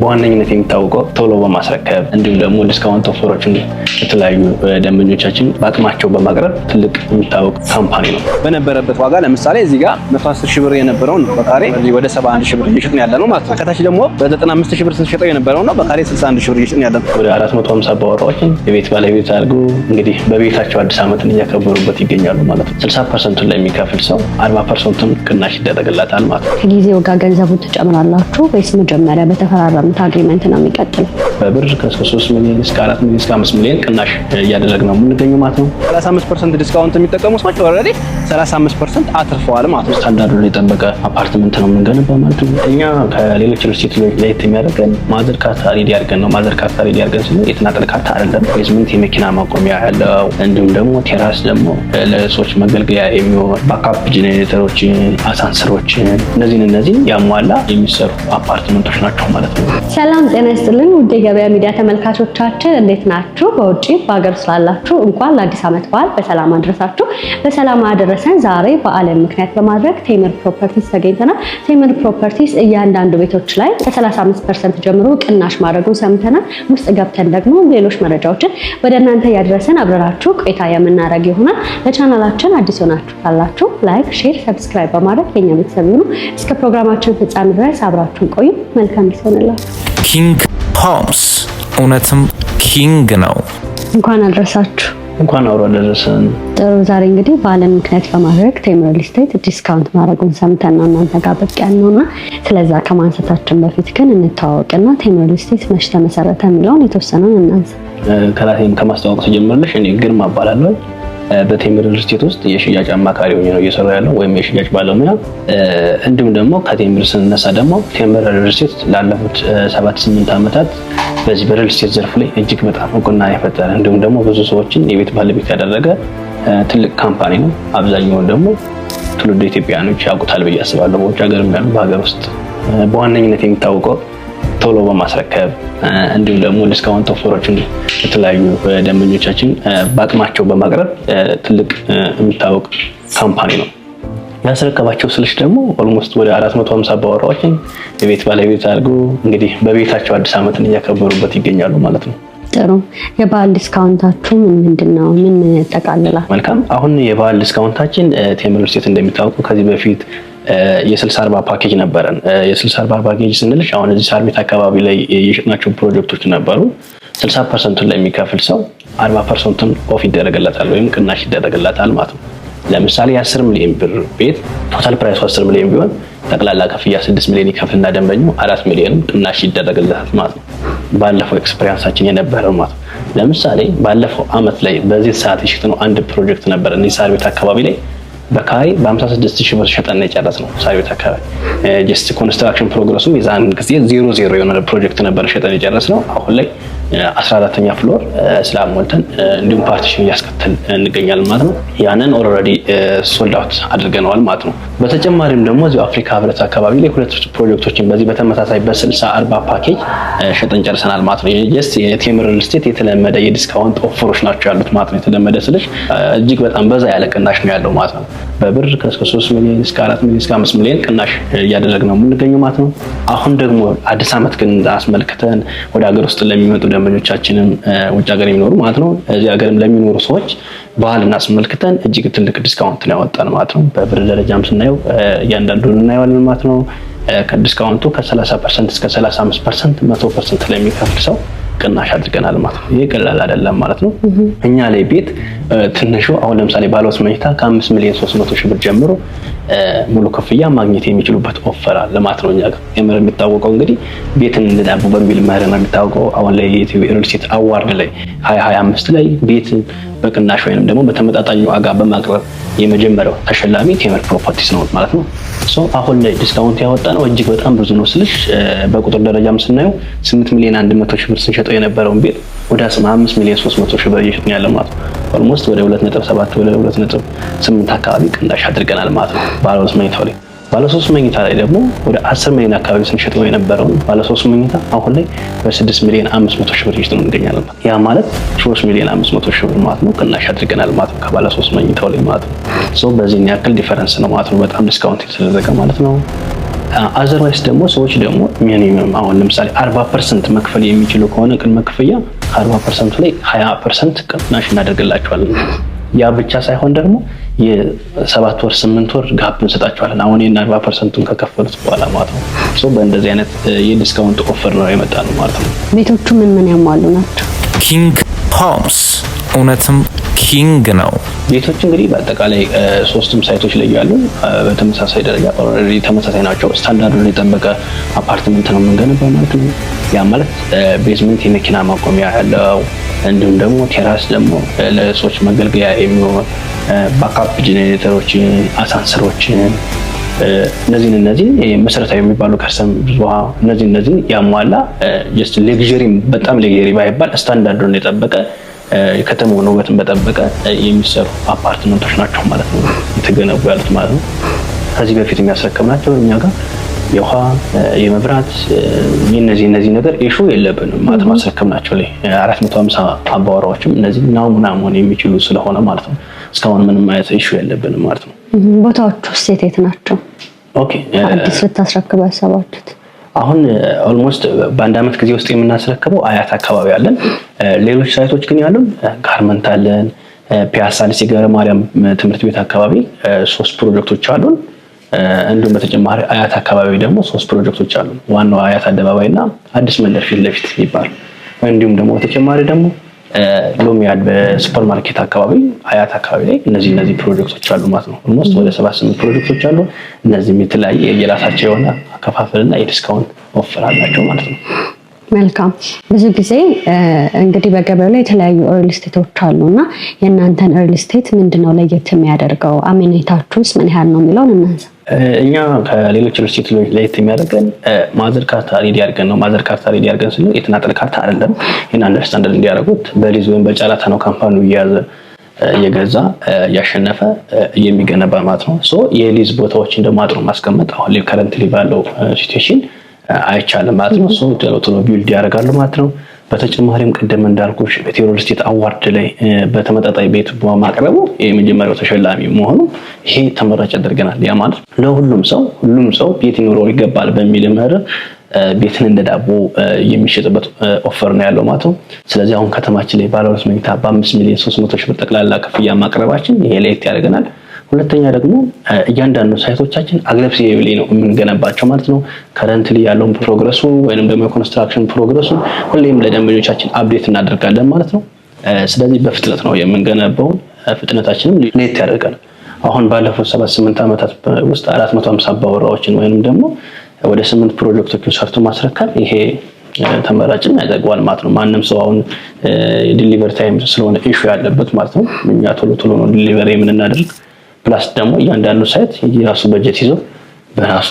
በዋነኝነት የሚታወቀው ቶሎ በማስረከብ እንዲሁም ደግሞ ዲስካውንት ኦፈሮችን የተለያዩ ደንበኞቻችን በአቅማቸው በማቅረብ ትልቅ የሚታወቅ ካምፓኒ ነው። በነበረበት ዋጋ ለምሳሌ እዚህ ጋር መቶ ሺህ ብር የነበረውን በካሬ ወደ ሰባ ሺህ ብር እየሸጥን ያለ ነው ማለት ነው። ከታች ደግሞ በዘጠና አምስት ሺህ ብር ስንሸጠው የነበረው ነው በካሬ 61 ሺህ ብር እየሸጥን ያለ ነው። ወደ አራት መቶ አባወራዎችን የቤት ባለቤት አድርጉ እንግዲህ በቤታቸው አዲስ ዓመትን እያከበሩበት ይገኛሉ ማለት ነው። 60 ፐርሰንቱን ላይ የሚከፍል ሰው አርባ ፐርሰንቱን ቅናሽ ይደረግላታል ማለት ነው። ከጊዜው ጋር ገንዘቡን ትጨምራላችሁ ወይስ መጀመሪያ በተፈራረ በፈረሙት አግሪመንት ነው የሚቀጥለው። በብር ከ3 ሚሊዮን እስከ 4 ሚሊዮን እስከ 5 ሚሊዮን ቅናሽ እያደረግ ነው የምንገኘው ማለት ነው። 35 ፐርሰንት ዲስካውንት የሚጠቀሙ ሰዎች ኦልሬዲ 35 ፐርሰንት አትርፈዋል ማለት ነው። ስታንዳርዱን የጠበቀ አፓርትመንት ነው የምንገነባ ማለት ነው። እኛ ከሌሎች ዩኒቨርሲቲ ለየት የሚያደርገን ማዘር ካርታ ሬዲ አድርገን ነው። ማዘር ካርታ ሬዲ አድርገን ስለ የተናጠል ካርታ አይደለም። ቤዝመንት የመኪና ማቆሚያ ያለው እንዲሁም ደግሞ ቴራስ ደግሞ ለሰዎች መገልገያ የሚሆን ባካፕ ጄኔሬተሮችን፣ አሳንስሮችን እነዚህን እነዚህ ያሟላ የሚሰሩ አፓርትመንቶች ናቸው ማለት ነው። ሰላም ጤና ይስጥልን ውድ የገበያ ሚዲያ ተመልካቾቻችን እንዴት ናችሁ? በውጭ በሀገር ውስጥ ላላችሁ እንኳን ለአዲስ ዓመት በዓል በሰላም አድረሳችሁ። በሰላም አደረሰን። ዛሬ በዓልን ምክንያት በማድረግ ቴምር ፕሮፐርቲስ ተገኝተናል። ቴምር ፕሮፐርቲስ እያንዳንዱ ቤቶች ላይ ከ35 ፐርሰንት ጀምሮ ቅናሽ ማድረጉን ሰምተናል። ውስጥ ገብተን ደግሞ ሌሎች መረጃዎችን ወደ እናንተ እያደረሰን አብረራችሁ ቆይታ የምናደርግ ይሆናል። ለቻናላችን አዲስ ሆናችሁ ካላችሁ ላይክ፣ ሼር፣ ሰብስክራይብ በማድረግ የኛ ቤተሰብ ይሁኑ። እስከ ፕሮግራማችን ፍጻሜ ድረስ አብራችሁን ቆዩ። መልካም ጊዜ ኪንግ ሆምስ እውነትም ኪንግ ነው። እንኳን አልረሳችሁ። እንኳን አብሮ አደረሰን። ጥሩ። ዛሬ እንግዲህ በዓልን ምክንያት በማድረግ ቴምር ስቴት ዲስካውንት ማድረጉን ሰምተን ነው እናንተ ጋር ብቅ ያልነው ስለዛ ከማንሳታችን በፊት ግን እንተዋወቅና ቴምር ስቴት መች ተመሰረተ የሚለውን የተወሰነውን እናንሳ። ከራሴም ከማስተዋወቅ ስጀምርልሽ እኔ ግርማ እባላለሁ በቴምር ሪል ስቴት ውስጥ የሽያጭ አማካሪ ሆኜ ነው እየሰራ ያለው ወይም የሽያጭ ባለሙያ። እንዲሁም ደግሞ ከቴምር ስንነሳ ደግሞ ቴምር ሪል ስቴት ላለፉት ሰባት ስምንት ዓመታት በዚህ በሪል ስቴት ዘርፍ ላይ እጅግ በጣም እውቅና የፈጠረ እንዲሁም ደግሞ ብዙ ሰዎችን የቤት ባለቤት ያደረገ ትልቅ ካምፓኒ ነው። አብዛኛውን ደግሞ ትውልድ ኢትዮጵያኖች ያውቁታል ብዬ አስባለሁ። በውጭ ሀገር ያሉ በሀገር ውስጥ በዋነኝነት የሚታወቀው ቶሎ በማስረከብ እንዲሁም ደግሞ ዲስካውንት ኦፈሮችን የተለያዩ ደንበኞቻችን በአቅማቸው በማቅረብ ትልቅ የሚታወቅ ካምፓኒ ነው። ያስረከባቸው ስልሽ ደግሞ ኦልሞስት ወደ 450 አባወራዎችን የቤት ባለቤት አድርጎ እንግዲህ በቤታቸው አዲስ ዓመትን እያከበሩበት ይገኛሉ ማለት ነው። ጥሩ የበዓል ዲስካውንታችሁ ምን ምንድን ነው? ምን ጠቃልላል? መልካም። አሁን የበዓል ዲስካውንታችን ቴምር ስቴት እንደሚታወቁ ከዚህ በፊት የስልሳ አርባ ፓኬጅ ነበረን። የስልሳ አርባ ፓኬጅ ስንልሽ አሁን እዚህ ሳርቤት አካባቢ ላይ የሸጥናቸው ፕሮጀክቶች ነበሩ። ስልሳ ፐርሰንቱን ለሚከፍል ሰው አርባ ፐርሰንቱን ኦፍ ይደረግለታል ወይም ቅናሽ ይደረግለታል ማለት ነው። ለምሳሌ የአስር ሚሊዮን ብር ቤት ቶታል ፕራይሱ አስር ሚሊዮን ቢሆን ጠቅላላ ክፍያ ስድስት ሚሊዮን ይከፍልና ደንበኙ አራት ሚሊዮን ቅናሽ ይደረግለታል ማለት ነው። ባለፈው ኤክስፔሪንሳችን የነበረው ማለት ነው። ለምሳሌ ባለፈው አመት ላይ በዚህ ሰዓት የሸጥነው አንድ ፕሮጀክት ነበረ ቤት አካባቢ ላይ በካሬ በ56 ሺህ ብር ሸጠን የጨረስ ነው። ሳቢት አካባቢ ጀስት ኮንስትራክሽን ፕሮግረሱም የዛን ጊዜ ዜሮ ዜሮ የሆነ ፕሮጀክት ነበር ሸጠን የጨረስ ነው። አሁን ላይ 14ተኛ ፍሎር ስላም ሞልተን እንዲሁም ፓርቲሽን እያስከተል እንገኛለን ማለት ነው። ያንን ኦልሬዲ ሶልድ አውት አድርገነዋል ማለት ነው። በተጨማሪም ደግሞ እዚ አፍሪካ ህብረት አካባቢ ላይ ሁለት ፕሮጀክቶችን በዚህ በተመሳሳይ በስልሳ አርባ ፓኬጅ ሸጠን ጨርሰናል ማለት ነው። ስ የቴምር ሪል ስቴት የተለመደ የዲስካውንት ኦፈሮች ናቸው ያሉት ማለት ነው። የተለመደ ስልሽ እጅግ በጣም በዛ ያለ ቅናሽ ነው ያለው ማለት ነው። በብር ከእስከ 3 ሚሊዮን እስከ አራት ሚሊዮን እስከ አምስት ሚሊዮን ቅናሽ እያደረግ ነው የምንገኘው ማለት ነው። አሁን ደግሞ አዲስ ዓመት ግን አስመልክተን ወደ ሀገር ውስጥ ለሚመጡ ደንበኞቻችንም ውጭ ሀገር የሚኖሩ ማለት ነው እዚህ ሀገርም ለሚኖሩ ሰዎች ባህል አስመልክተን እጅግ ትልቅ ዲስካውንት ነው ያወጣን ማለት ነው። በብር ደረጃም ስናየው እያንዳንዱን እናየዋለን ማለት ነው። ከዲስካውንቱ ከ30 ፐርሰንት እስከ 35 ፐርሰንት፣ መቶ ፐርሰንት ለሚከፍል ሰው ቅናሽ አድርገናል ማለት ነው። ይህ ቀላል አይደለም ማለት ነው። እኛ ላይ ቤት ትንሹ አሁን ለምሳሌ ባለውስጥ መኝታ ከአምስት ሚሊዮን ሶስት መቶ ሺህ ብር ጀምሮ ሙሉ ክፍያ ማግኘት የሚችሉበት ኦፈር አለ ማለት ነው። እኛ ጋር የምር የሚታወቀው እንግዲህ ቤትን እንዳቡ በሚል መርህ ነው የሚታወቀው። አሁን ላይ የኢትዮ ስቴት አዋርድ ላይ ሀያ ሀያ አምስት ላይ ቤትን በቅናሽ ወይንም ደግሞ በተመጣጣኝ ዋጋ በማቅረብ የመጀመሪያው ተሸላሚ ቴምር ፕሮፐርቲስ ነው ማለት ነው። አሁን ላይ ዲስካውንት ያወጣ ነው እጅግ በጣም ብዙ ነው ስልሽ በቁጥር ደረጃም ስናየው ስምንት ሚሊዮን አንድ መቶ ሺህ ብር ስንሸጠው የነበረውን ቤት ወደ አምስት ሚሊዮን ሶስት መቶ ሺህ ብር እየሸጥን ያለ ማለት ነው። ውስጥ ወደ 2.7 ወደ 2.8 አካባቢ ቅናሽ አድርገናል ማለት ነው ባለ ሁለት መኝታው ላይ። ባለ ሶስት መኝታ ላይ ደግሞ ወደ 10 ሚሊዮን አካባቢ ስንሸጠው የነበረውን ባለ ሶስት መኝታ አሁን ላይ በ6 ሚሊዮን 500 ሺህ ብር ይሽጥ ነው እንገኛለን። ያ ማለት 3 ሚሊዮን 500 ሺህ ብር ማለት ነው ቅናሽ አድርገናል ማለት ነው ከባለ ሶስት መኝታው ላይ ማለት ነው። ሶ በዚህን ያክል ዲፈረንስ ነው ማለት ነው። በጣም ዲስካውንት የተደረገ ማለት ነው። አዘርዋይስ ደግሞ ሰዎች ደግሞ ሚኒመም አሁን ለምሳሌ 40 ፐርሰንት መክፈል የሚችሉ ከሆነ ቅድመ ክፍያ ከአርባ ፐርሰንቱ ላይ ሀያ ፐርሰንት ቅናሽ እናደርግላቸዋለን። ያ ብቻ ሳይሆን ደግሞ የሰባት ወር ስምንት ወር ጋፕ እንሰጣቸዋለን። አሁን ይህን አርባ ፐርሰንቱን ከከፈሉት በኋላ ማለት ነው። በእንደዚህ አይነት የዲስካውንት ኦፈር ነው የመጣ ነው ማለት ነው። ቤቶቹ ምን ምን ያሟሉ ናቸው? ኪንግ ሆምስ እውነትም ኪንግ ነው። ቤቶች እንግዲህ በአጠቃላይ ሶስቱም ሳይቶች ላይ ያሉ በተመሳሳይ ደረጃ ኦልሬዲ ተመሳሳይ ናቸው። ስታንዳርዱን የጠበቀ አፓርትመንት ነው የምንገነባው ማለት ነው። ያ ማለት ቤዝመንት የመኪና ማቆሚያ ያለው እንዲሁም ደግሞ ቴራስ ደግሞ ለሰዎች መገልገያ የሚሆን ባካፕ ጄኔሬተሮችን፣ አሳንስሮችን እነዚህን እነዚህን መሰረታዊ የሚባሉ ከርሰም ብዙ እነዚህ እነዚህን ያሟላ ጀስት ሌግሪ በጣም ሌግሪ ባይባል ስታንዳርዱን የጠበቀ የከተማውን ውበትን በጠበቀ የሚሰሩ አፓርትመንቶች ናቸው ማለት ነው የተገነቡ ያሉት ማለት ነው። ከዚህ በፊት የሚያስረከብናቸው እኛ ጋር የውሃ የመብራት የነዚህ እነዚህ ነገር ኢሹ የለብንም ማለት ማስረከብ ናቸው ላይ አራት መቶ ሀምሳ አባወራዎችም እነዚህ ናሙና መሆን የሚችሉ ስለሆነ ማለት ነው እስካሁን ምንም አይነት ኢሹ የለብንም ማለት ነው። ቦታዎቹ ሴት ናቸው? ኦኬ አዲስ ልታስረክብ ያሰባችሁት አሁን ኦልሞስት uh, uh, በአንድ አመት ጊዜ ውስጥ የምናስረክበው አያት አካባቢ አለን። uh, ሌሎች ሳይቶች ግን ያሉን ጋርመንት አለን፣ ፒያሳ ሊሴ ገብረ ማርያም ትምህርት ቤት አካባቢ ሶስት ፕሮጀክቶች አሉን። እንዲሁም በተጨማሪ አያት አካባቢ ደግሞ ሶስት ፕሮጀክቶች አሉን። ዋናው አያት አደባባይ እና አዲስ መንደር ፊት ለፊት ይባል እንዲሁም ደግሞ በተጨማሪ ደግሞ ሎሚ ያድ በሱፐር ማርኬት አካባቢ አያት አካባቢ ላይ እነዚህ እነዚህ ፕሮጀክቶች አሉ ማለት ነው። ኦልሞስት ወደ ሰባት ስምንት ፕሮጀክቶች አሉ። እነዚህም የተለያየ የራሳቸው የሆነ አከፋፈልና የዲስካውንት ኦፈር አላቸው ማለት ነው። መልካም። ብዙ ጊዜ እንግዲህ በገበያው ላይ የተለያዩ ኦርል ስቴቶች አሉ እና የእናንተን ኦርል ስቴት ምንድነው ለየት የሚያደርገው? አሜኔታችሁስ ምን ያህል ነው የሚለውን እናንሳ። እኛ ከሌሎች ዩኒቨርሲቲዎች ለየት የሚያደርገን ማዘር ካርታ ሬዲ አድርገን ነው። ማዘር ካርታ ሬዲ አድርገን ስንል የተናጠል ካርታ አይደለም። ይህን አንደርስታንድ እንዲያደርጉት በሊዝ ወይም በጨረታ ነው ካምፓኒ እየያዘ እየገዛ እያሸነፈ የሚገነባ ማለት ነው። ሶ የሊዝ ቦታዎችን ደግሞ አጥሮ ማስቀመጥ አሁን ከረንትሊ ባለው ሲትዌሽን አይቻልም ማለት ነው። ቶሎ ቶሎ ቢውልድ ያደርጋሉ ማለት ነው። በተጨማሪም ቅድም እንዳልኩሽ በቴዎድሮስ ስቴት አዋርድ ላይ በተመጣጣኝ ቤት በማቅረቡ የመጀመሪያው ተሸላሚ መሆኑ ይሄ ተመራጭ ያደርገናል። ያ ማለት ለሁሉም ሰው ሁሉም ሰው ቤት ሊኖረው ይገባል በሚል ምህረት ቤትን እንደ ዳቦ የሚሸጥበት ኦፈር ነው ያለው ማለት ነው። ስለዚህ አሁን ከተማችን ላይ ባለሁለት መኝታ በአምስት ሚሊዮን ሶስት መቶ ሺህ ብር ጠቅላላ ክፍያ ማቅረባችን ይሄ ለየት ያደርገናል። ሁለተኛ ደግሞ እያንዳንዱ ሳይቶቻችን አግሬሲቭሊ ነው የምንገነባቸው ማለት ነው። ከረንትሊ ያለውን ፕሮግረሱ ወይም ደግሞ የኮንስትራክሽን ፕሮግረሱ ሁሌም ለደንበኞቻችን አፕዴት እናደርጋለን ማለት ነው። ስለዚህ በፍጥነት ነው የምንገነባው ፍጥነታችንም ሌት ያደርጋል። አሁን ባለፉት ሰባት ስምንት ዓመታት ውስጥ አራት መቶ ሀምሳ አባወራዎችን ወይንም ደግሞ ወደ ስምንት ፕሮጀክቶችን ሰርቶ ማስረከብ ይሄ ተመራጭም ያደርገዋል ማለት ነው። ማንም ሰው አሁን ዲሊቨር ታይም ስለሆነ ኢሹ ያለበት ማለት ነው። እኛ ቶሎ ቶሎ ነው ዲሊቨር የምንናደርግ ፕላስ ደግሞ እያንዳንዱ ሳይት የራሱ በጀት ይዞ በራሱ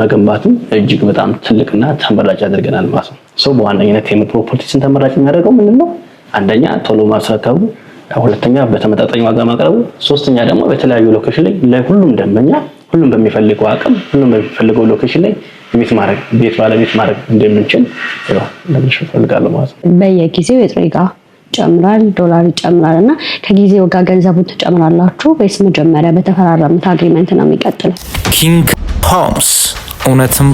መገንባቱ እጅግ በጣም ትልቅና ተመራጭ ያደርገናል ማለት ነው። ሰው በዋነኝነት የምር ተመራጭ የሚያደርገው ምንድን ነው? አንደኛ ቶሎ ማስረከቡ፣ ሁለተኛ በተመጣጣኝ ዋጋ ማቅረቡ፣ ሶስተኛ ደግሞ በተለያዩ ሎኬሽን ላይ ለሁሉም ደንበኛ ሁሉም በሚፈልገው አቅም ሁሉም በሚፈልገው ሎኬሽን ላይ ቤት ማድረግ ቤት ባለቤት ማድረግ እንደምንችል ያው ፈልጋለሁ ማለት ነው። በየጊዜው የጥሬ ጋር ይጨምራል፣ ዶላር ይጨምራል እና ከጊዜው ጋር ገንዘቡን ትጨምራላችሁ ወይስ መጀመሪያ በተፈራረሙት አግሪመንት ነው የሚቀጥለው? ኪንግ ሆምስ እውነትም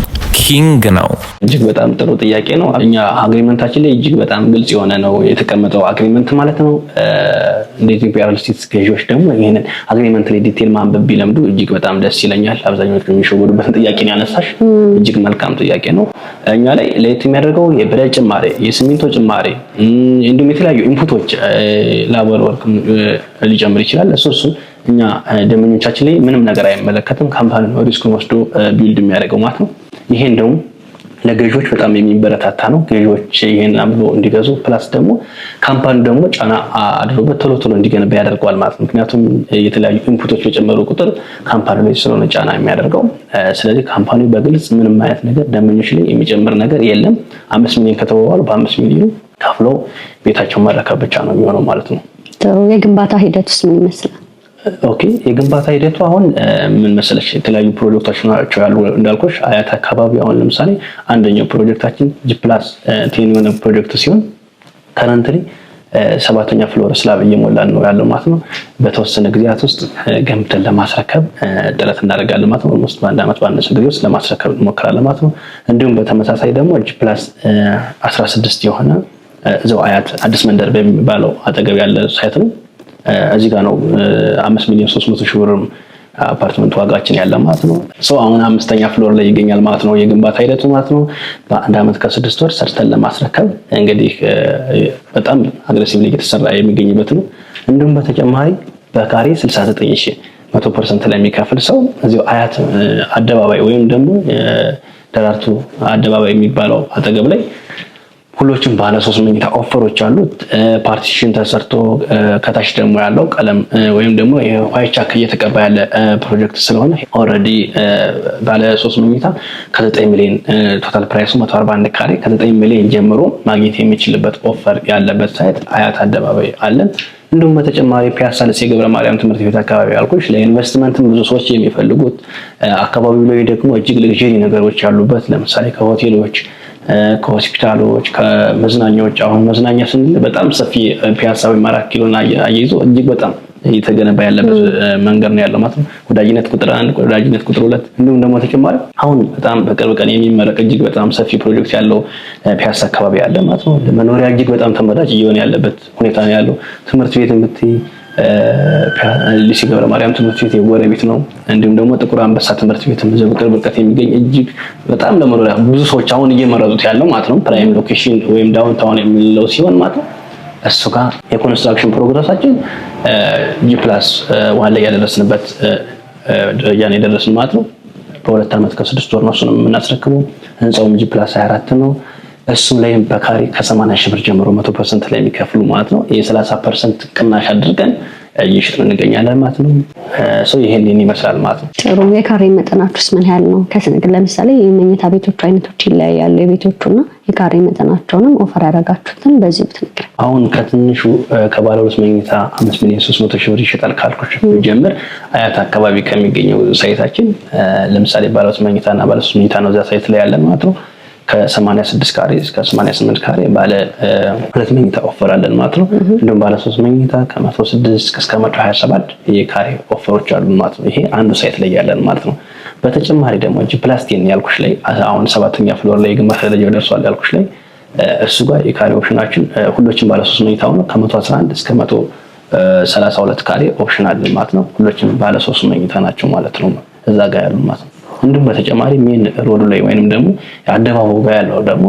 ኪንግ ነው። እጅግ በጣም ጥሩ ጥያቄ ነው። እኛ አግሪመንታችን ላይ እጅግ በጣም ግልጽ የሆነ ነው የተቀመጠው አግሪመንት ማለት ነው። እንደ ኢትዮጵያ ሪል ስቴት ገዢዎች ደግሞ ይህንን አግሪመንት ላይ ዲቴል ማንበብ ቢለምዱ እጅግ በጣም ደስ ይለኛል። አብዛኞቹ የሚሸወዱበትን ጥያቄ ነው ያነሳሽ። እጅግ መልካም ጥያቄ ነው። እኛ ላይ ለየት የሚያደርገው የብረት ጭማሬ፣ የሲሚንቶ ጭማሬ እንዲሁም የተለያዩ ኢንፑቶች ላበር ወርክ ሊጨምር ይችላል። እሱ እኛ ደንበኞቻችን ላይ ምንም ነገር አይመለከትም። ካምፓኒ ሪስኩን ወስዶ ቢልድ የሚያደርገው ማለት ነው። ይሄን ደግሞ ለገዢዎች በጣም የሚበረታታ ነው። ገዢዎች ይሄን አምኖ እንዲገዙ ፕላስ ደግሞ ካምፓኒ ደግሞ ጫና አድርጎበት ቶሎ ቶሎ እንዲገነባ ያደርገዋል ማለት ነው። ምክንያቱም የተለያዩ ኢንፑቶች የጨመሩ ቁጥር ካምፓኒ ላይ ስለሆነ ጫና የሚያደርገው። ስለዚህ ካምፓኒው በግልጽ ምንም አይነት ነገር ደንበኞች ላይ የሚጨምር ነገር የለም። አምስት ሚሊዮን ከተባባሉ በአምስት ሚሊዮን ከፍሎ ቤታቸውን መረከብ ብቻ ነው የሚሆነው ማለት ነው። የግንባታ ሂደት ውስጥ ምን ይመስላል? ኦኬ የግንባታ ሂደቱ አሁን ምን መሰለሽ፣ የተለያዩ ፕሮጀክቶች ናቸው ያሉ እንዳልኮች አያት አካባቢ አሁን ለምሳሌ አንደኛው ፕሮጀክታችን ጂፕላስ ቴን የሆነ ፕሮጀክት ሲሆን ከረንትሪ ሰባተኛ ፍሎር ስላብ እየሞላን ነው ያለው ማለት ነው። በተወሰነ ጊዜያት ውስጥ ገምተን ለማስረከብ ጥረት እናደርጋለን ማለት ነው። ስ በአንድ ዓመት ባነሰ ጊዜ ውስጥ ለማስረከብ እንሞክራለን ማለት ነው። እንዲሁም በተመሳሳይ ደግሞ ጂፕላስ 16 የሆነ እዛው አያት አዲስ መንደር በሚባለው አጠገብ ያለ ሳይት ነው እዚህ ጋር ነው አምስት ሚሊዮን ሶስት መቶ ሺህ ብርም አፓርትመንት ዋጋችን ያለ ማለት ነው። ሰው አሁን አምስተኛ ፍሎር ላይ ይገኛል ማለት ነው። የግንባታ ሂደቱ ማለት ነው። በአንድ ዓመት ከስድስት ወር ሰርተን ለማስረከብ እንግዲህ በጣም አግሬሲቭሊ እየተሰራ የሚገኝበት ነው። እንዲሁም በተጨማሪ በካሬ 69 ሺህ መቶ ፐርሰንት ለሚከፍል ሰው እዚሁ አያት አደባባይ ወይም ደግሞ ደራርቱ አደባባይ የሚባለው አጠገብ ላይ ሁሎችም ባለ ሶስት መኝታ ኦፈሮች አሉት። ፓርቲሽን ተሰርቶ ከታች ደግሞ ያለው ቀለም ወይም ደግሞ ዋይት ቻክ እየተቀባ ያለ ፕሮጀክት ስለሆነ ኦልሬዲ ባለ ሶስት መኝታ ከዘጠኝ ሚሊዮን ቶታል ፕራይሱ መቶ አርባ አንድ ካሬ ከዘጠኝ ሚሊዮን ጀምሮ ማግኘት የሚችልበት ኦፈር ያለበት ሳይት አያት አደባባይ አለን። እንዲሁም በተጨማሪ ፒያሳ ደሴ ገብረ ማርያም ትምህርት ቤት አካባቢ ያልኩች ለኢንቨስትመንትም ብዙ ሰዎች የሚፈልጉት አካባቢው ላይ ደግሞ እጅግ ልግዥሪ ነገሮች ያሉበት ለምሳሌ ከሆቴሎች ከሆስፒታሎች ከመዝናኛዎች አሁን መዝናኛ ስንል በጣም ሰፊ ፒያሳ ወይም አራት ኪሎን አያይዞ እጅግ በጣም እየተገነባ ያለበት መንገድ ነው ያለው ማለት ነው። ወዳጅነት ቁጥር አንድ ወዳጅነት ቁጥር ሁለት እንዲሁም ደግሞ ተጨማሪ አሁን በጣም በቅርብ ቀን የሚመረቅ እጅግ በጣም ሰፊ ፕሮጀክት ያለው ፒያሳ አካባቢ ያለ ማለት ነው። መኖሪያ እጅግ በጣም ተመራጭ እየሆነ ያለበት ሁኔታ ነው ያለው። ትምህርት ቤት ብትይ ልሲ ገብረ ማርያም ትምህርት ቤት የጎረቤት ነው። እንዲሁም ደግሞ ጥቁር አንበሳ ትምህርት ቤት በቅርብ ርቀት የሚገኝ እጅግ በጣም ለመኖሪያ ብዙ ሰዎች አሁን እየመረጡት ያለው ማለት ነው ፕራይም ሎኬሽን ወይም ዳውን ታውን የምንለው ሲሆን ማለት ነው። እሱ ጋር የኮንስትራክሽን ፕሮግረሳችን ጂ ፕላስ ዋን ላይ ያደረስንበት ደረጃ ነው የደረስን ማለት ነው። በሁለት ዓመት ከስድስት ወር ነው እሱንም የምናስረክበው። ህንፃውም ጂ ፕላስ 24 ነው። እሱ ላይ በካሬ ከሰማንያ ሺህ ብር ጀምሮ መቶ ፐርሰንት ላይ የሚከፍሉ ማለት ነው። የሰላሳ ፐርሰንት ቅናሽ አድርገን እየሸጥን እንገኛለን ማለት ነው። ሰው ይሄን ይመስላል ማለት ነው። ጥሩ የካሬ መጠናችሁስ ምን ያህል ነው? ለምሳሌ የመኝታ ቤቶቹ አይነቶች ይለያያሉ። የቤቶቹ እና የካሬ መጠናቸውንም ኦፈር ያደረጋችሁትን በዚህ ብትነግረን። አሁን ከትንሹ ከባለ ሁለት መኝታ አምስት ሚሊዮን ሶስት መቶ ሺህ ብር ይሸጣል ካልኩሽ ጀምር አያት አካባቢ ከሚገኘው ሳይታችን ለምሳሌ ባለ ሁለት እና ባለ ሶስት መኝታ ነው እዛ ሳይት ላይ ያለን ማለት ነው ከ86 ካሬ እስከ 88 ካሬ ባለ ሁለት መኝታ ኦፈር አለን ማለት ነው። እንዲሁም ባለ ሶስት መኝታ ከ106 እስከ 127 የካሬ ኦፈሮች አሉ ማለት ነው። ይሄ አንዱ ሳይት ላይ ያለን ማለት ነው። በተጨማሪ ደግሞ ፕላስቲን ያልኩሽ ላይ አሁን ሰባተኛ ፍሎር ላይ ግንባታ ደረጃ ደርሷል ያልኩሽ ላይ እሱ ጋር የካሬ ኦፕሽናችን ባለ ሶስት መኝታ ሆነ ከ111 እስከ 132 ካሬ ኦፕሽን አለን ማለት ነው። ባለ ሶስት መኝታ ናቸው ማለት ነው። እዛ ጋር ያሉ ማለት ነው። እንዲሁም በተጨማሪ ሜን ሮዱ ላይ ወይንም ደግሞ አደባባዩ ጋር ያለው ደግሞ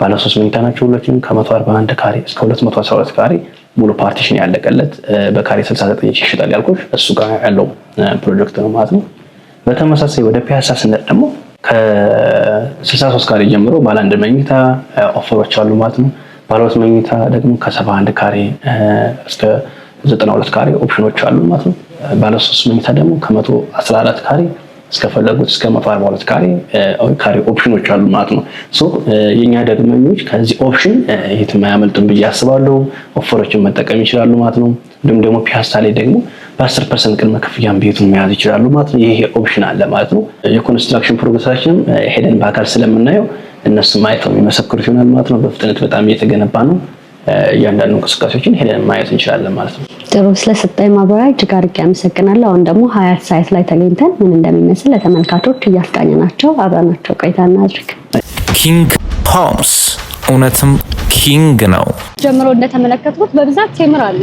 ባለ ሶስት መኝታ ናቸው ሁለቱም ከ141 ካሬ እስከ 212 ካሬ ሙሉ ፓርቲሽን ያለቀለት በካሬ 69 ይሸጣል ያልኩሽ እሱ ጋር ያለው ፕሮጀክት ነው ማለት ነው። በተመሳሳይ ወደ ፒያሳ ስንሄድ ደግሞ ከ63 ካሬ ጀምሮ ባለ አንድ መኝታ ኦፈሮች አሉ ማለት ነው። ባለ ሁለት መኝታ ደግሞ ከ71 ካሬ እስከ 92 ካሬ ኦፕሽኖች አሉ ማለት ነው። ባለ ሶስት መኝታ ደግሞ ከ114 ካሬ እስከፈለጉት እስከ መቶ አርባ ሁለት ካሬ ካሬ ኦፕሽኖች አሉ ማለት ነው። የእኛ ደግመኞች ከዚህ ኦፕሽን የትም አያመልጥም ብዬ አስባለሁ። ኦፈሮችን መጠቀም ይችላሉ ማለት ነው። እንዲሁም ደግሞ ፒያሳ ላይ ደግሞ በአስር ፐርሰንት ቅድመ ክፍያን ቤቱን መያዝ ይችላሉ ማለት ነው። ይሄ ኦፕሽን አለ ማለት ነው። የኮንስትራክሽን ፕሮግረሳችንም ሄደን በአካል ስለምናየው እነሱ አይተው የሚመሰክሩት ይሆናል ማለት ነው። በፍጥነት በጣም እየተገነባ ነው። እያንዳንዱ እንቅስቃሴዎችን ሄደን ማየት እንችላለን ማለት ነው። ጥሩ ስለሰጠኝ ማብራሪያ እጅግ አድርጌ አመሰግናለሁ። አሁን ደግሞ ሀያት ሳይት ላይ ተገኝተን ምን እንደሚመስል ለተመልካቾች እያስቃኘናቸው አብረናቸው ቆይታ እናድርግ። ኪንግ ሆምስ እውነትም ኪንግ ነው። ጀምሮ እንደተመለከትኩት በብዛት ቴምር አለ።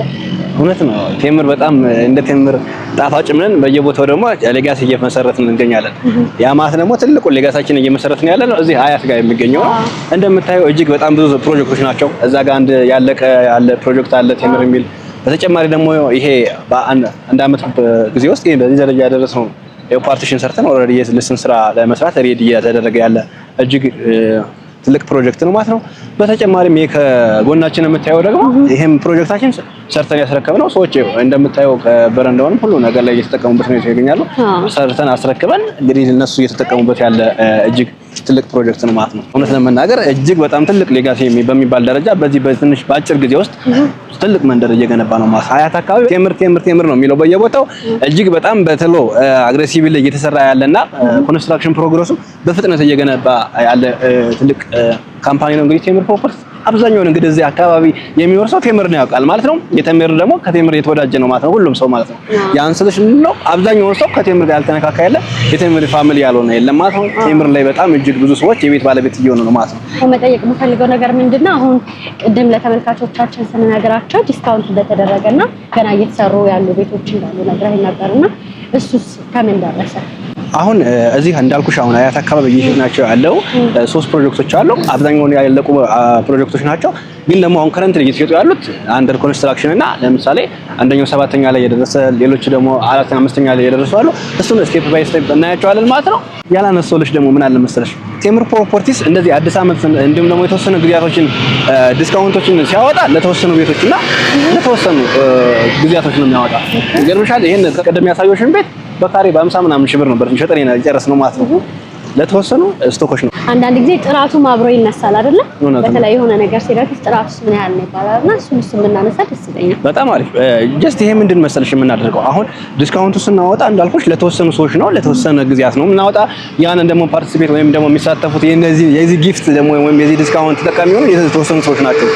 እውነት ነው። ቴምር በጣም እንደ ቴምር ጣፋጭ ምንን በየቦታው ደግሞ ሌጋሲ እየመሰረትን እንገኛለን። ያ ማለት ደግሞ ትልቁ ሌጋሳችን እየመሰረትን ያለ ነው እዚህ ሀያት ጋር የሚገኘው እንደምታየው እጅግ በጣም ብዙ ፕሮጀክቶች ናቸው። እዛ ጋር አንድ ያለቀ ያለ ፕሮጀክት አለ ቴምር የሚል በተጨማሪ ደግሞ ይሄ በአንድ አመት ጊዜ ውስጥ ይሄ በዚህ ደረጃ ያደረስነው የፓርቲሽን ሰርተን ኦልሬዲ የልስን ስራ ለመስራት ሬዲ እየተደረገ ያለ እጅግ ትልቅ ፕሮጀክት ነው ማለት ነው። በተጨማሪም ይሄ ከጎናችን የምታየው ደግሞ ይሄም ፕሮጀክታችን ሰርተን ያስረከብነው ሰዎች እንደምታየው ከበረንዳውንም ሁሉ ነገር ላይ እየተጠቀሙበት ነው ይገኛሉ። ሰርተን አስረክበን እንግዲህ እነሱ እየተጠቀሙበት ያለ እጅግ ትልቅ ፕሮጀክት ነው ማለት ነው። እውነት ለመናገር እጅግ በጣም ትልቅ ሌጋሲ በሚባል ደረጃ በዚህ በትንሽ በአጭር ጊዜ ውስጥ ትልቅ መንደር እየገነባ ነው ማለት ሀያት አካባቢ ቴምር ቴምር ቴምር ነው የሚለው በየቦታው እጅግ በጣም በተሎ አግሬሲቭ ላይ እየተሰራ ያለና ኮንስትራክሽን ፕሮግረሱ በፍጥነት እየገነባ ያለ ትልቅ ካምፓኒ ነው እንግዲህ ቴምር ፕሮፐርቲ አብዛኛውን እንግዲህ እዚህ አካባቢ የሚኖር ሰው ቴምር ነው ያውቃል ማለት ነው። የቴምር ደግሞ ከቴምር የተወዳጀ ነው ማለት ነው፣ ሁሉም ሰው ማለት ነው። ያን ነው። አብዛኛውን ሰው ከቴምር ጋር ያልተነካካ ያለ የቴምር ፋሚሊ ያልሆነ የለም ማለት ነው። ቴምር ላይ በጣም እጅግ ብዙ ሰዎች የቤት ባለቤት እየሆኑ ነው ማለት ነው። መጠየቅ የምፈልገው ነገር ምንድነው አሁን ቅድም ለተመልካቾቻችን ስንነግራቸው ዲስካውንት እንደተደረገና ገና እየተሰሩ ያሉ ቤቶች እንዳሉ ነግረህ ነበርና እሱስ ከምን ደረሰ? አሁን እዚህ እንዳልኩሽ አሁን አያት አካባቢ እየሄድን ናቸው ያለው ሶስት ፕሮጀክቶች አሉ። አብዛኛውን ያለቁ ፕሮጀክቶች ናቸው። ግን ደግሞ አሁን ከረንት እየተሸጡ ያሉት አንደር ኮንስትራክሽን እና ለምሳሌ አንደኛው ሰባተኛ ላይ የደረሰ ሌሎች ደግሞ አራተኛ አምስተኛ ላይ የደረሱ አሉ። እሱን ስቴፕ ባይ ስቴፕ እናያቸዋለን ማለት ነው። ያላነሳሁልሽ ደግሞ ምን አለ መሰለሽ ቴምር ፕሮፐርቲስ እንደዚህ አዲስ ዓመት እንዲሁም ደግሞ የተወሰኑ ጊዜያቶችን ዲስካውንቶችን ሲያወጣ ለተወሰኑ ቤቶች እና ለተወሰኑ ግዚያቶች ነው የሚያወጣ። ይገርምሻል ይሄን ቅድም ያሳየሽን ቤት በካሬ በአምሳ ምናምን ሺህ ብር ነበር ሸጠን ነው ማለት ነው። ለተወሰኑ ስቶኮች ነው። አንዳንድ ጊዜ ጥራቱም አብሮ ይነሳል አይደለ? በተለይ የሆነ ነገር ሲረክስ ጥራቱ ምን ያህል ነው ይባላል እና እሱን እሱን የምናነሳ ደስ ይለኛል። በጣም አሪፍ ጀስት ይሄ ምንድን መሰለሽ የምናደርገው አሁን ዲስካውንቱ ስናወጣ እንዳልኩሽ ለተወሰኑ ሰዎች ነው ለተወሰነ ጊዜያት ነው የምናወጣ። ያንን ደግሞ ፓርቲሲፔት ወይም ደግሞ የሚሳተፉት የነዚህ የዚህ ጊፍት ደግሞ ወይም የዚህ ዲስካውንት ተጠቃሚ ሆኑ የተወሰኑ ሰዎች ናቸው።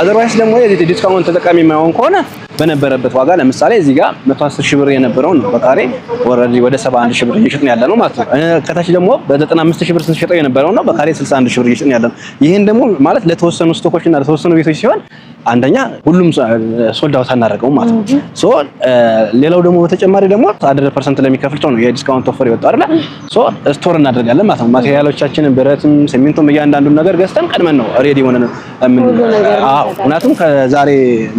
አዘርዋይስ ደግሞ የዚህ ዲስካውንት ተጠቃሚ የማይሆን ከሆነ በነበረበት ዋጋ ለምሳሌ እዚህ ጋር 110 ሺህ ብር የነበረውን በካሬ ወረዲ ወደ 71 ሺህ ብር እየሸጥን ያለ ነው ማለት ነው። ከታች ደግሞ በ95 ሺህ ብር ስንሸጠው የነበረው ነው በካሬ 61 ሺህ ብር እየሸጥን ያለ ነው። ይህን ደግሞ ማለት ለተወሰኑ ስቶኮች እና ለተወሰኑ ቤቶች ሲሆን አንደኛ ሁሉም ሶልድ አውት አናደርገውም ማለት ነው። ሶ ሌላው ደግሞ በተጨማሪ ደግሞ 100% ፐርሰንት ለሚከፍል ሰው ነው የዲስካውንት ኦፈር ይወጣው አይደለ? ሶ ስቶር እናደርጋለን ማለት ነው። ማቴሪያሎቻችንን ብረትም፣ ሲሚንቶም እያንዳንዱን ነገር ገዝተን ቀድመን ነው ሬዲ የሆነ ነው። አዎ ምክንያቱም ከዛሬ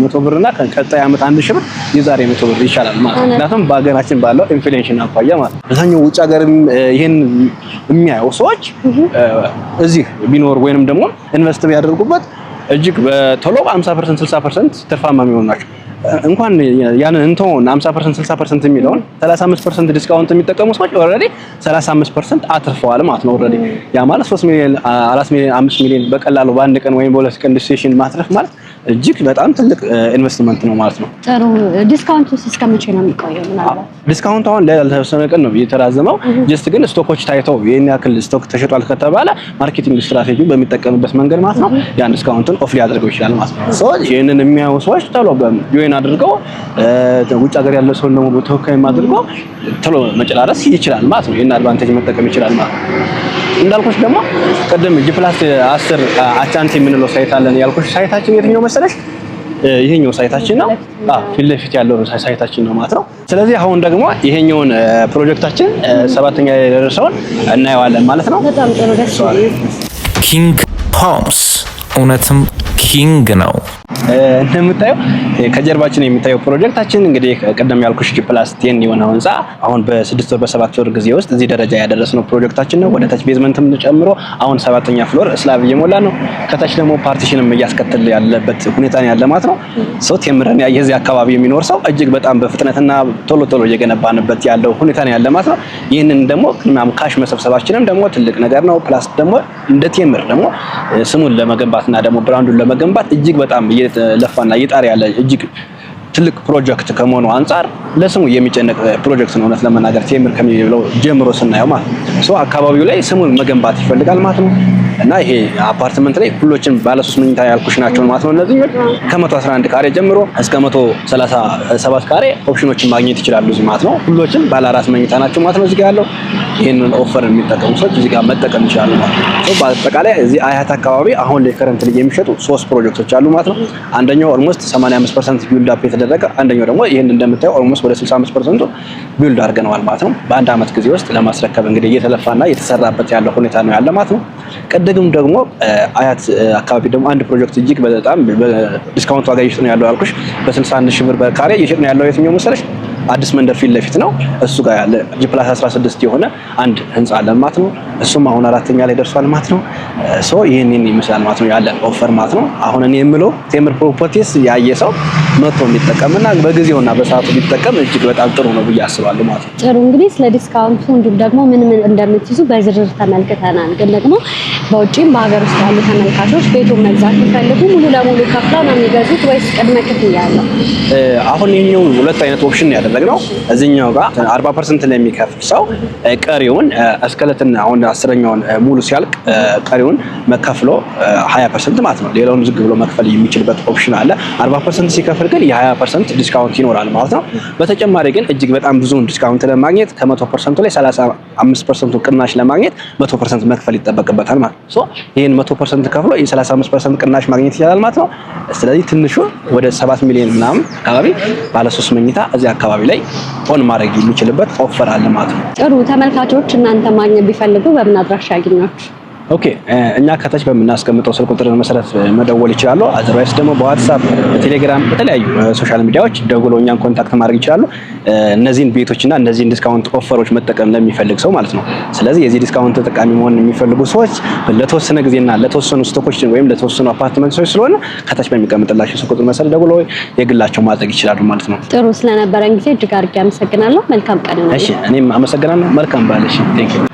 100 ብርና ከቀጣይ ዓመት አንድ ሺህ ብር የዛሬ 100 ብር ይሻላል ማለት ነው። ምክንያቱም በሀገራችን ባለው ኢንፍሌሽን አኳያ ማለት ነው። በዛኛው ውጭ ሀገርም ይሄን የሚያዩ ሰዎች እዚህ ቢኖር ወይንም ደግሞ ኢንቨስት ቢያደርጉበት እጅግ በቶሎ 50 ፐርሰንት 60 ፐርሰንት ትርፋማ የሚሆኑ ናቸው። እንኳን ያንን እንተውን 50 ፐርሰንት 60 ፐርሰንት የሚለውን 35 ፐርሰንት ዲስካውንት የሚጠቀሙ ሰዎች ኦልሬዲ 35 ፐርሰንት አትርፈዋል ማለት ነው። ኦልሬዲ ያ ማለት 3 ሚሊዮን፣ 4 ሚሊዮን፣ 5 ሚሊዮን በቀላሉ በአንድ ቀን ወይም በሁለት ቀን ዲሲሽን ማትረፍ ማለት እጅግ በጣም ትልቅ ኢንቨስትመንት ነው ማለት ነው። ጥሩ ዲስካውንት ውስጥ እስከ መቼ ነው የሚቆየው? ምናልባት ዲስካውንት አሁን ለተወሰነ ቀን ነው የተራዘመው። ጀስት ግን ስቶኮች ታይተው ይህን ያክል ስቶክ ተሸጧል ከተባለ ማርኬቲንግ ስትራቴጂ በሚጠቀምበት መንገድ ማለት ነው ያን ዲስካውንትን ኦፍ ሊያደርገው ይችላል ማለት ነው። ሰዎች ይህንን የሚያዩ ሰዎች ቶሎ ጆይን አድርገው ውጭ ሀገር ያለው ሰው ደግሞ ተወካይ አድርገው ቶሎ መጨራረስ ይችላል ማለት ነው። ይህን አድቫንቴጅ መጠቀም ይችላል ማለት ነው። እንዳልኩሽ ደግሞ ቅድም ጂ ፕላስ አስር አቻንቲ የምንለው ሳይት አለን ያልኩሽ ሳይታችን የትኛው መስ መሰለሽ ይሄኛው ሳይታችን ነው። አዎ ፊት ለፊት ያለው ሳይታችን ነው ማለት ነው። ስለዚህ አሁን ደግሞ ይሄኛውን ፕሮጀክታችን ሰባተኛ ላይ የደረሰውን እናየዋለን ማለት ነው። ኪንግ ሆምስ እውነትም ኪንግ ነው። እንደምታየው ከጀርባችን የሚታየው ፕሮጀክታችን እንግዲህ ቀደም ያልኩሽ ጂ ፕላስ ቴን የሆነው ህንፃ አሁን በስድስት ወር በሰባት ወር ጊዜ ውስጥ እዚህ ደረጃ ያደረስነው ፕሮጀክታችን ነው። ወደ ታች ቤዝመንትም ጨምሮ አሁን ሰባተኛ ፍሎር ስላብ እየሞላ ነው። ከታች ደግሞ ፓርቲሽንም እያስከተል ያለበት ሁኔታ ያለ ማለት ነው። ሰው ቴምረን የዚህ አካባቢ የሚኖር ሰው እጅግ በጣም በፍጥነትና ቶሎ ቶሎ እየገነባንበት ያለው ሁኔታ ያለ ማለት ነው። ይህንን ደግሞ ቅድሚያም ካሽ መሰብሰባችንም ደግሞ ትልቅ ነገር ነው። ፕላስ ደግሞ እንደ ቴምር ደግሞ ስሙን ለመገንባትና ደግሞ ብራንዱን ለመገንባት እጅግ በጣም እየተለፋና እየጣረ ያለ እጅግ ትልቅ ፕሮጀክት ከመሆኑ አንጻር ለስሙ የሚጨነቅ ፕሮጀክት ነው። እውነት ለመናገር ቴምር ከሚብለው ጀምሮ ስናየው ማለት ነው። አካባቢው ላይ ስሙን መገንባት ይፈልጋል ማለት ነው። እና ይሄ አፓርትመንት ላይ ሁሎችን ባለሶስት መኝታ ያልኩሽ ናቸው ማለት ነው። እነዚህ ከመቶ 11 ካሬ ጀምሮ እስከ መቶ ሰባት ካሬ ኦፕሽኖችን ማግኘት ይችላሉ እዚህ ማለት ነው። ሁሎችን ባለ አራት መኝታ ናቸው ማለት ነው። እዚህ ጋር ያለው ይህንን ኦፈር የሚጠቀሙ ሰዎች እዚህ ጋር መጠቀም ይችላሉ ማለት ነው። በአጠቃላይ እዚህ አያት አካባቢ አሁን ላይ ከረንት ላይ የሚሸጡ ሶስት ፕሮጀክቶች አሉ ማለት ነው። አንደኛው ኦልሞስት 85% ቢልድ አፕ የተደረገ አንደኛው ደግሞ ይህን እንደምታየው ኦልሞስት ወደ 65% ቢልድ አድርገነዋል ማለት ነው። በአንድ አመት ጊዜ ውስጥ ለማስረከብ እንግዲህ እየተለፋና እየተሰራበት ያለው ሁኔታ ነው ያለ ማለት ነው። ሳይዱም ደግሞ አያት አካባቢ ደግሞ አንድ ፕሮጀክት እጅግ በጣም ዲስካውንት ዋጋ ነው ያለው አልኩሽ በ61 ሺህ ብር በካሬ ነው ያለው የትኛው መሰለሽ አዲስ መንደር ፊት ለፊት ነው። እሱ ጋር ያለ ጂፕላስ 16 የሆነ አንድ ህንፃ አለ ማለት ነው። እሱም አሁን አራተኛ ላይ ደርሷል ማለት ነው። ሶ ይህን ይመስላል ማለት ነው ያለ ኦፈር ማለት ነው። አሁን እኔ የምለው ቴምር ፕሮፐርቲስ ያየ ሰው መጥቶ የሚጠቀምና በጊዜውና በሰዓቱ ቢጠቀም እጅግ በጣም ጥሩ ነው ብዬ አስባለሁ ማለት ነው። ጥሩ እንግዲህ ስለ ዲስካውንቱ እንዲሁም ደግሞ ምን ምን እንደምትይዙ በዝርዝር ተመልክተናል። ግን ደግሞ በውጭም በሀገር ውስጥ ያሉ ተመልካቾች ቤቱን መግዛት ይፈልጉ ሙሉ ለሙሉ ከፍለው ነው የሚገዙት ወይስ ቅድመ ክፍያ ያለው? አሁን ይህኛው ሁለት አይነት ኦፕሽን ያለ ያደረግነው እዚኛው ጋር 40 ፐርሰንት የሚከፍል ሰው ቀሪውን እስከለትና አሁን አስረኛውን ሙሉ ሲያልቅ ቀሪውን መከፍሎ 20 ፐርሰንት ማለት ነው። ሌላውን ዝግ ብሎ መክፈል የሚችልበት ኦፕሽን አለ። 40 ፐርሰንት ሲከፍል ግን የ20 ፐርሰንት ዲስካውንት ይኖራል ማለት ነው። በተጨማሪ ግን እጅግ በጣም ብዙውን ዲስካውንት ለማግኘት ከ100 ፐርሰንቱ ላይ 35 ፐርሰንቱ ቅናሽ ለማግኘት 100 ፐርሰንት መክፈል ይጠበቅበታል ማለት ነው። ይህን 100 ፐርሰንት ከፍሎ ይህን 35 ፐርሰንት ቅናሽ ማግኘት ይችላል ማለት ነው። ስለዚህ ትንሹ ወደ 7 ሚሊዮን ምናምን አካባቢ ባለሶስት መኝታ እዚህ አካባቢ ላይ ኦን ማድረግ የሚችልበት ኦፈር አለ ማለት ነው። ጥሩ ተመልካቾች እናንተ ማግኘት ቢፈልጉ በምን አድራሻ ያገኟችሁ? ኦኬ እኛ ከታች በምናስቀምጠው ስልክ ቁጥር መሰረት መደወል ይችላሉ። አዘርባይስ ደግሞ በዋትሳፕ በቴሌግራም፣ በተለያዩ ሶሻል ሚዲያዎች ደውለው እኛን ኮንታክት ማድረግ ይችላሉ። እነዚህን ቤቶችና እነዚህን ዲስካውንት ኦፈሮች መጠቀም ለሚፈልግ ሰው ማለት ነው። ስለዚህ የዚህ ዲስካውንት ተጠቃሚ መሆን የሚፈልጉ ሰዎች ለተወሰነ ጊዜና ለተወሰኑ ስቶኮች ወይም ለተወሰኑ አፓርትመንቶች ስለሆነ ከታች በሚቀምጥላቸው ስልክ ቁጥር መሰረት ደውለው የግላቸው ማድረግ ይችላሉ ማለት ነው። ጥሩ ስለነበረን ጊዜ እጅግ አድርጌ አመሰግናለሁ። መልካም ቀን ነው። እኔም አመሰግናለሁ። መልካም ባለሽ።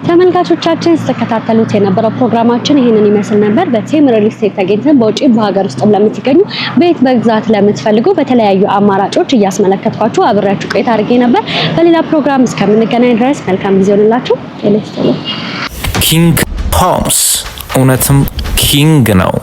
ተመልካቾቻችን ስተከታተሉት የነበረው ፕሮግራማችን ይህንን ይመስል ነበር። በቴም ሪል ስቴት ተገኝተን በውጭ በሀገር ውስጥም ለምትገኙ ቤት በግዛት ለምትፈልጉ በተለያዩ አማራጮች እያስመለከትኳችሁ አብሬያችሁ ቆይታ አድርጌ ነበር። በሌላ ፕሮግራም እስከምንገናኝ ድረስ መልካም ጊዜ ሆንላችሁ። ኪንግ ሆምስ እውነትም ኪንግ ነው።